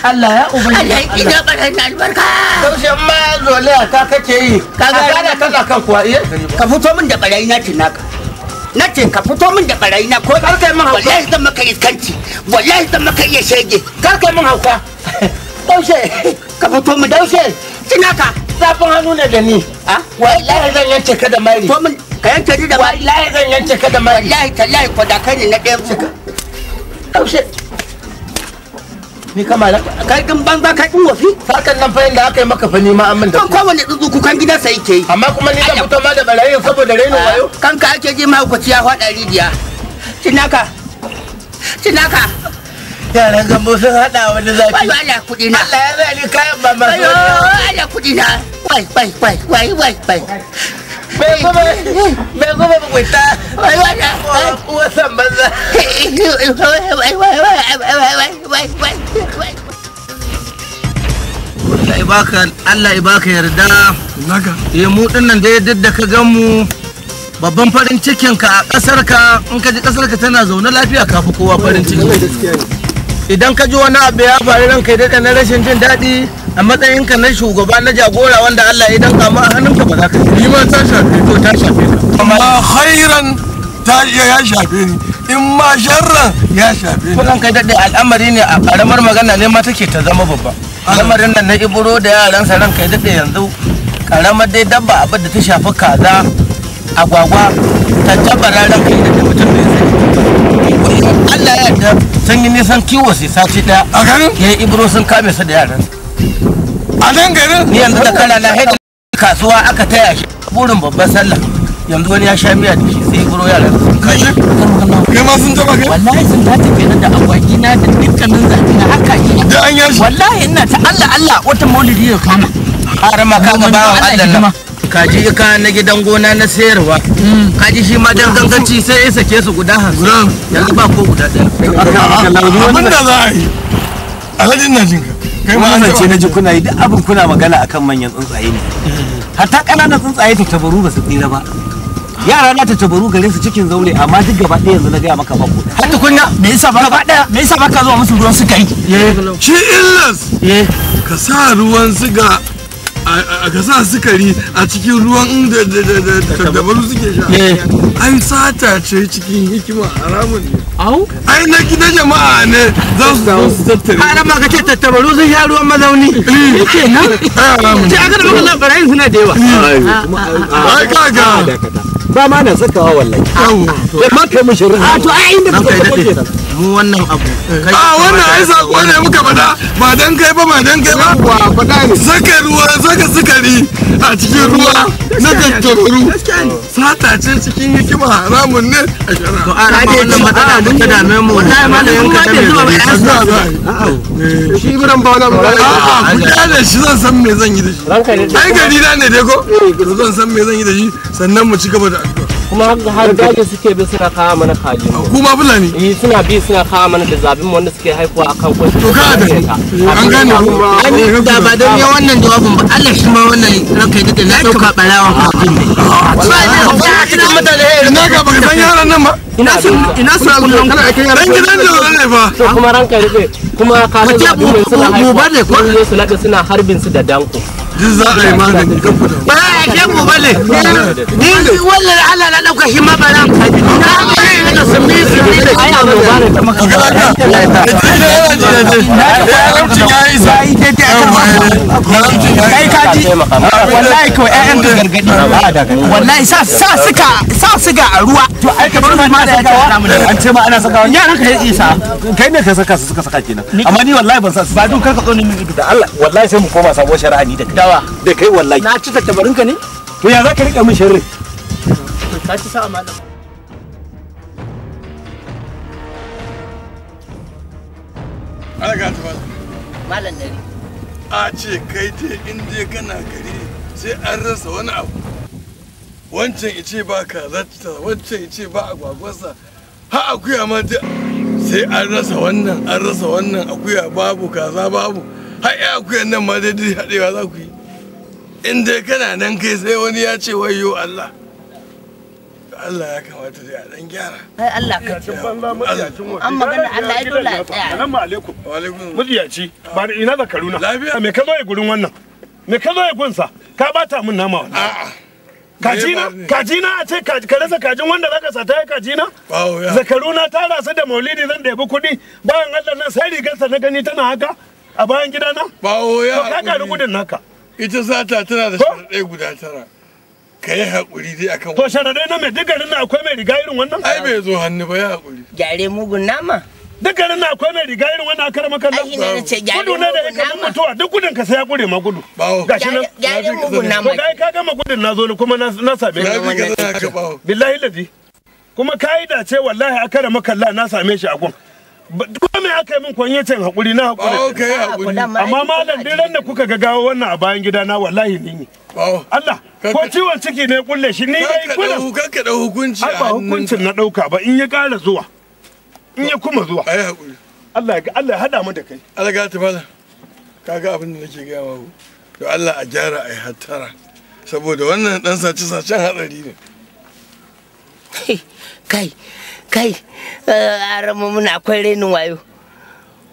Allah ya ubangiji. Allah ya kina barin albarka. Taushe ma zolaya ta kake yi. Ka ga kana kan kuwa iya. Ka fito min da barayi na tinaka. na ce ka fito min da barayi na ko kar kai min hauka wallahi zan maka iskanci wallahi zan maka iya shege kar kai min hauka daushe ka fito min daushe tinaka zafin hannu na da ni a wallahi zan yance ka da mari to min ka yance ni da mari wallahi zan yance ka da mari wallahi tallahi ko da kai ne na ɗaya daushe ni kama na kai din banza kai din wafi sakan nan fa inda aka yi maka fa ma amman da ko wani tsutsu kukan gidan sai yake amma kuma ni zan fito ma da barayin saboda raino ah, wayo kan ka ake ji ma kwaciya faɗa rijiya cinaka cinaka yaran gambo sun haɗa wani zafi wai wala kuɗi na Allah ya zai ni kayan ba masu wani wai wala kudi na wai wai wai wai wai Allah ya baka Allah ya eh, mu dinnan da yadda da ka gan mu babban farin cikin ka a kasar ka in ka ji kasar ka tana zaune lafiya kafi kowa farin ciki. idan ka ji wani abu ya faru kai daɗa na rashin jin daɗi a matsayin ka na shugaba na jagora wanda Allah ya danka ma a hannunka ba za ka yi ma ta shafe to ta shafe ka amma khairan ta ya shafe ni in ma sharran ya shafe ni kai daɗa al'amari ne a karamar magana ne ma take ta zama babba al'amarin nan na iburo da yaran sa ran kai daɗa yanzu karamar dai dabba abin da ta shafi kaza agwagwa ta tabbara kai daɗa mutum bai sani Allah ya yarda sun yi nisan kiwo sai sati ɗaya. a garin ya ibro sun kame su da yaran a nan garin ni yanzu da kana na hedin kasuwa aka taya shi burin babban sallah yanzu wani ya sha miya da shi sai ibro yaran sun kai kai ma sun taba kai wallahi sun ta tafi da akwai na da dukkanin zafi na haka yi da an yashi wallahi ina ta Allah Allah wata maulidi ya kama har ma ka ga bawan Allah kaji ka na gidan gona na sayarwa mm. kaji shi ma dan ganganci sai ya sake su guda hamsin yanzu ba ko guda ɗaya abin da za a yi alhajin na jinka kai ma an ce na ji kuna yi duk abin kuna magana akan manyan tsuntsaye ne hatta ƙananan tsuntsaye ta tabaru ba su tsira ba yara na ta tabaru gare su cikin zaune amma duk gaba ɗaya yanzu na gaya maka ba ko har tukunya me yasa ba gaba ɗaya me yasa ba ka zuwa musu ruwan su kai shi illas eh. ka sa ruwan siga ka kasa sukari a cikin ruwan da tattabaru suke sha eh. ai sata ce cikin hikima haramun ne au ai na gida jama'a ne za su dawo su tattare har ma ce tattabaru sun sha ruwan mazauni eh. yake nan ce aka da maka zafara yin suna da yawa eh. ah, ah, ah, ai kaga ba ma na sakawa wallahi ma kai mishi ra'a to ai inda kuka kake mu wannan abu kai a wannan ai sako ne muka fada ba dan kai ba ba dan kai ba wa fada ne saka ruwa saka sukari a cikin ruwa na tattabaru sata ce cikin hikima haramun ne a shara to ana ba wannan matsala mun ta dame mu wallahi ma da yanka ta mai a'a shi biran ba wannan ba a'a ku da shi zan san me zan yi da shi ai gari na ne dai ko eh, zan san me zan yi da shi sannan mu ci gaba da Burger. kuma har daji suke bi suna kawo mana kaji kuma fulani eh suna bi suna kawo mana da zabin wanda suke haifuwa akan kwashi to ka da an gane kuma da ba don ya wannan jawabin ba Allah shi ma wannan ranka da na sauka barawan kafin ne wallahi ba cikin mutane ina ga baka yaran nan ba ina su ina su alƙalin kana akan yaran gidan da wannan kuma ranka rufe kuma ka san zabin suna haifuwa ko su lada suna harbin su da danko duk za a yi magani kan kudu ba ya ke mu bane ni Allah ɗauka shi mabaran ba wallahi sa sa suka sa suga a ruwa to ai ka bar ma an ce ma ana sakawa yaran ka isa kai ne ka saka su suka saka kenan amma ni wallahi ban sa ba duk kar ka zo ni da Allah wallahi sai mu koma sabo shari'a ni da dawa da kai wallahi na ci tattabarin ka ne to ya rika min sharri Na sa malam. Ana ga ta Malam dare. A ce kai te in gari sai an rasa wani abu. Wancan ice ba kazarta, wancan ice ba agwagwarsa, ha akuya ma dai sai an rasa wannan, an rasa wannan akuya babu, kaza babu. ha ya akuyan nan ma dai haɗewa za ku yi. In dai kana nan kai sai wani ya ce wayo Allah. Allah ya kamata dai a dan gyara. Ai Allah ka ci banza matsiyaci mu. An magana Allah ya dole a tsaya. Salamu alaikum. Wa alaikum. Matsiyaci ba ni ina zakaruna. Lafiya. Me ka zo ya gurin wannan? Me ka zo ya gunsa? Ka bata min nama wannan. A'a. kajina kajina a ce ka rasa kajin wanda zaka sata ya kajina zakaruna ta rasu da maulidi zan da yabi kuɗi bayan allah nan sai rigarsa na gani tana haka a bayan gidana ba ya ka gudun naka ita sata tana da sharaɗai guda tara ka yi haƙuri dai akan to sharaɗai na mai digarin na akwai mai riga irin wannan ai bai zo hannu ba ya haƙuri gyare mugun nama dukkanin na akwai mai riga irin wannan akar makan nan gudu ne da yake mutuwa duk gudun ka sai ya gure ma gudu gashi nan gyare mugun nama to dai ka gama gudun na zo ni kuma na same ka billahi ladi kuma kai da ce wallahi akar makan na same shi a gun kuma me aka yi min kwan yace haƙuri na hakuri. amma malam dai ran da kuka ga gawo wannan a bayan gida na wallahi ni ne Allah ko ciwon ciki ne kulle shi ne yayi kullum kanka da hukunci ba hukuncin na dauka ba in ya kara zuwa in ya kuma zuwa Allah ya Allah ya hada mu da kai Allah ga tafala kaga abin da nake ga mawu to Allah a gyara ai hattara saboda wannan dan sace sacen hadari ne kai kai a eh, ramu muna akwai renin wayo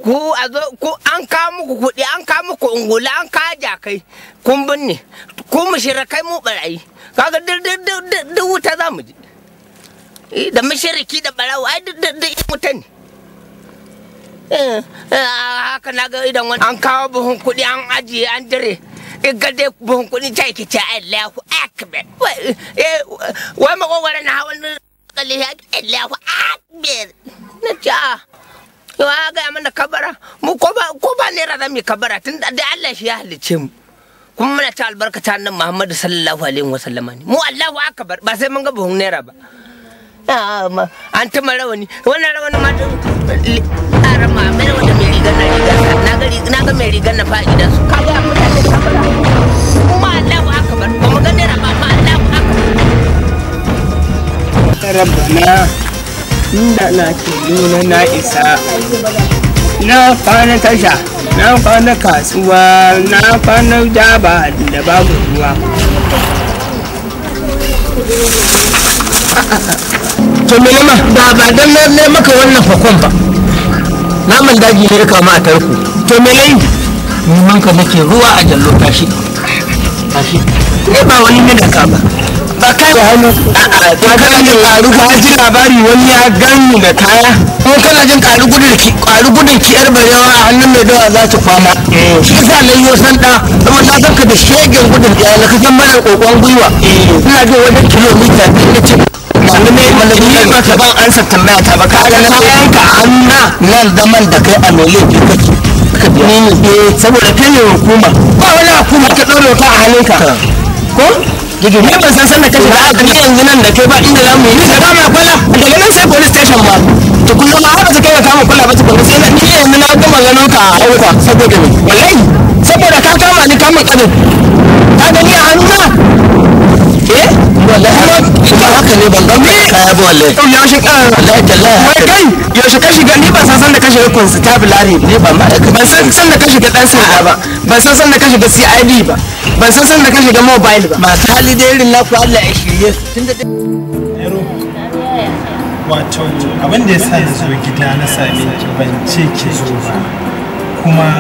ku a zo ku an ka muku kuɗi an ka muku ungula an ka jakai kun binne ku kai mu barayi kaga duk duk duk duk wuta za mu ji eh, da mushiriki da barawo ai duk duk duk wuta ne eh, eh, haka na ga idan wani an kawo buhun kuɗi an ajiye an dire ga dai buhun kuɗi ta yake ta Allahu akbar wai magwagwara na hawan kalli Allahu akbar na a. Ah. yau a gaya mana kabara mu ko ba ko ba naira da mai kabara tun da Allah shi ya halicce mu kuma muna ta albarkata nan Muhammadu sallallahu alaihi wasallama ne mu Allahu akbar ba sai mun ga buhun naira ba an tuma rawani wannan rawani ma ƙara ma mai wata mai rigar na rigar na ga mai rigar na fa gidan su k'a ya fita da kabara kuma Allahu akbar ba mu ga naira ba ma Allahu akbar inda na ke nuna na isa na kwana tasha na kwana kasuwa na kwana jaba da babu ruwa to me nema ba ba dan na ne maka wannan fakon ba naman daji ne rika ma a tarko to me lai neman ka nake ruwa a jallo tashi tashi ne eh, ba wani ne da ka ba ba kai da hannu to kana jin karu ka ji labari wani ya gani da kaya ko kana jin karu gudun ki karu gudun ki yar barewa a hannun mai dawa za su kwana eh. shi yasa na yi san da kuma na san ka da shegen gudun ya na kasan mana kokon gwiwa eh. ina jin wajen kilomita biyu na ce malami ba ka ban ansa tambaya ta ba ka ga na ka hanna nan zaman da kai a mole bi kake ka biya ni eh, saboda kai ne hukuma ba wani hukuma ka dore ta a hannunka ko Jiji ne ban san san da kashi da ni yanzu nan da kai ba inda za mu yi ka kama kwala daga nan sai police station ba to kullum ma haka kai ka kama kwala ba tukun sai na ni yanzu na gama ganin ka auka saboda me wallahi saboda ka kama ni kama kadin ka gani a hannu na eh kuma haka ne ban gama kaya ba wallahi yaushe ka wallahi tallahi wai kai yaushe ka shiga ni ba san san da ka shiga constabulary ne ba ma da ban san san da ka shiga dan sanda ba ban san san da ka shiga CID ba ban san san da ka shiga mobile ba Mata hali da irin naku Allah ya shirye su tunda wato abin da ya sa ni zo gida na same ki ban ce ki zo ba kuma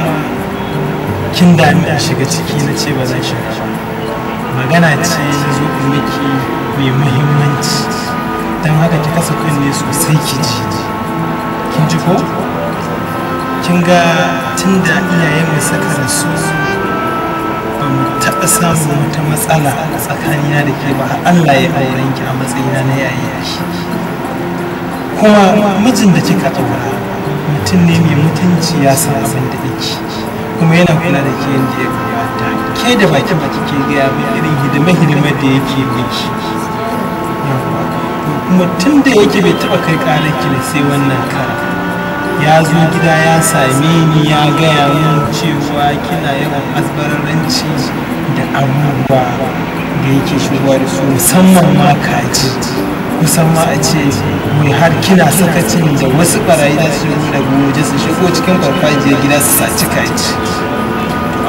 kin dami a shiga ciki na ce ba zan shiga ba magana ce zo miki mai muhimmanci don haka ki kasa kunne sosai ki ji kin ji ko kin ga tun da iyayenmu suka rasu ba mu taɓa samun wata matsala tsakanina da ke ba Allah ya auren ki a matsayina na yayi kuma mijin da kika aura mutum ne mai mutunci ya san abin da yake kuma yana kula da ke yadda ya ke da baki baki ke gaya mai irin hidime-hidime da yake miki kuma tun da yake bai taba kai karar kila sai wannan kara ya zo gida ya same ni ya gaya min cewa kina yawan azbararanci da abubuwa da yake shigowa da su musamman ma kaji kusan ma a ce mai har kina sakacin da wasu barayi da su yi daga waje su shigo cikin farfajiyar gida su saci kaji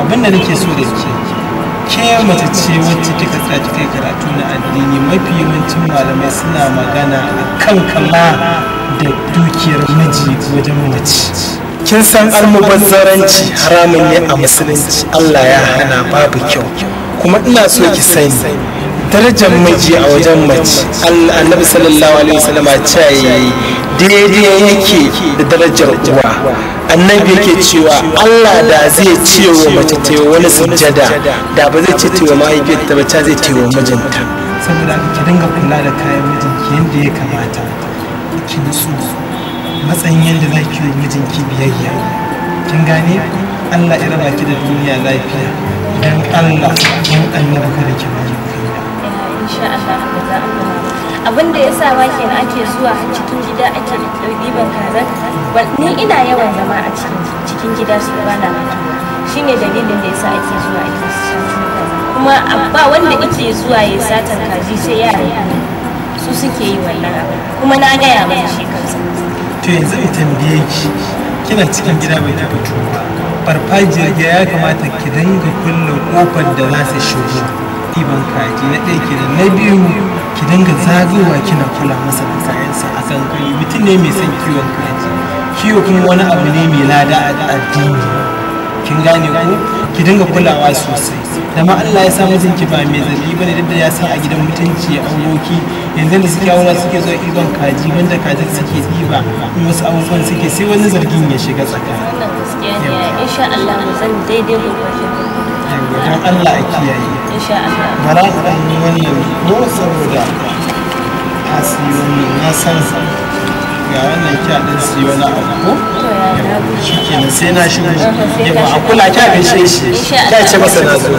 abin da nake so da ke ke mace ce wacce kika tsaki kai karatu na addini mafi yawancin malamai suna magana a kan kama da dukiyar miji wajen mace kin san almubazzaranci haramun ne a musulunci Allah ya hana babu kyau kuma ina so ki sani darajar miji a wajen mace annabi sallallahu alaihi wasallama ce daidai yake da darajar uwa annabi yake cewa allah da zai ce wa mace ta yi wani sujjada da ba zai ce ta yi wa mahaifiyarta ba ta zai ta yi wa mijinta saboda ki dinga kula da kayan mijinki yadda ya kamata ki nutsu matsayin yadda za ki yi mijinki biyayya kin gane allah ya raba ki da duniya lafiya dan allah yan annabi da ki bari ku yi allah abin da ya sa ma kenan ake zuwa cikin gida ake ɗiban ba, ni ina yawan zama a cikin gida su ba na shi ne dalilin da ya sa ake zuwa ake kuma ba wanda ake zuwa ya satan kaji sai yara su suke yi wannan abu kuma na gaya mai shi to yanzu ya tambaye ki kina cikin gida mai taɓa tuwa farfajiyar ya kamata ki dinga kulle kofar da za su shigo ɗiban kaji na ɗaya kenan na biyu ki dinga zagewa kina kula masa da kayansa a kan kai mutum ne mai son kiwon kaji kiwo kuma wani abu ne mai lada a addini kin gane ko ki dinga kulawa sosai dama Allah ya sa mijinki ba mai zabi bane duk da ya sa a gidan mutunci ya auroki yanzu da suke aura suke zo ɗiban kaji wanda kajin suke ɗiba in wasu abubuwan suke sai wani zargin ya shiga tsakani. Allah mu daidai don Allah a kiyaye ba za a ɗan wannan ko saboda a siyo wannan na san sa ga wannan kya ɗan siyo na abu ko shi kenan sai na shigo yawa a kula kya gaishe shi kya ce masa na zo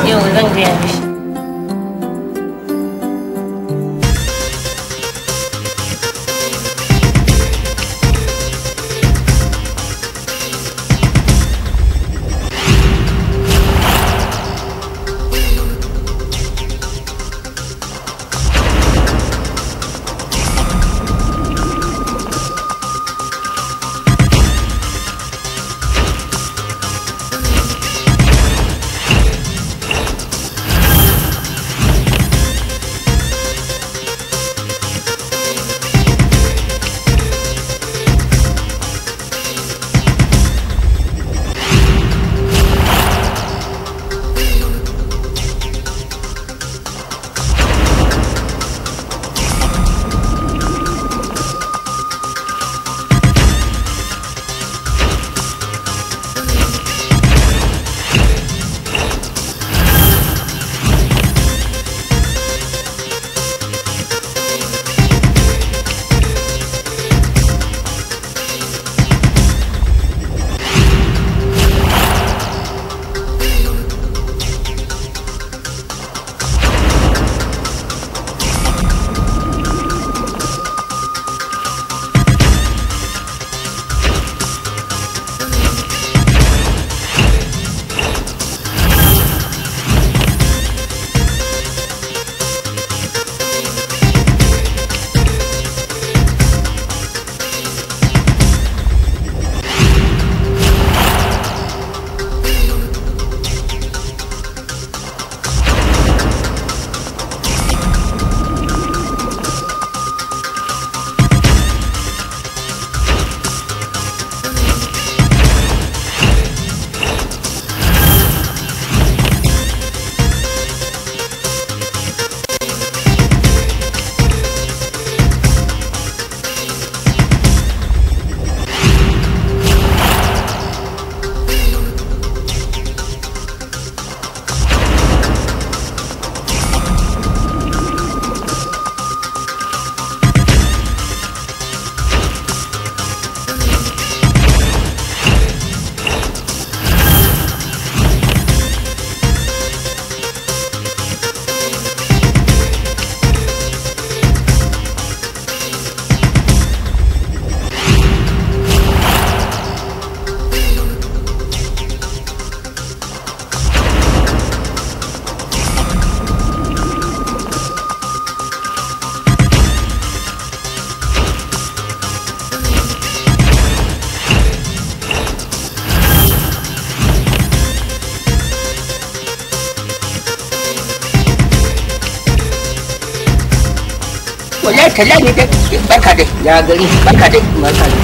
tallahi dai barka dai ya gari barka dai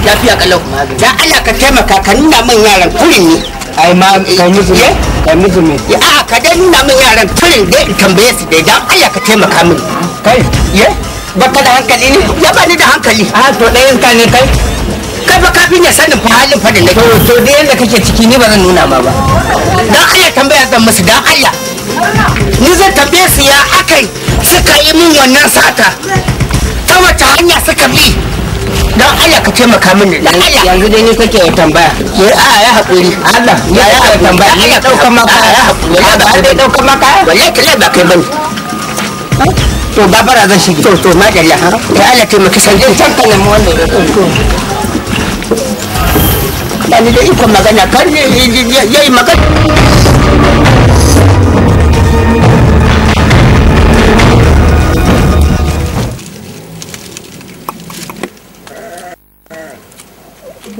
lafiya kalau da Allah ka taimaka ka nuna min yaran kurin ne ai ma kai musu ne eh? kai musu ne a ka dai nuna min yaran kurin dai tambaye su dai dan Allah ka taimaka min kai ye eh? baka da hankali ne ya bani da hankali a to ɗayan ka ne kai kai ba kafin ya sanin fa halin fa da nake to to da yanda kake ciki ne ba zan nuna ma ba dan Allah tambaya zan musu dan Allah ni zan tambaye su ya akai suka yi min wannan sata ta wata hanya suka bi don Allah ka taimaka min da Allah yanzu dai ni kake ya tambaya ya a ya hakuri Allah ya ya tambaya ni ya dauka maka ya hakuri ya ba dai dauka maka wallahi kale ba kai bane to babara zan shige to to madalla ya Allah taimaki sai in tantan mu wannan to da ni dai ikon magana kan yayi magana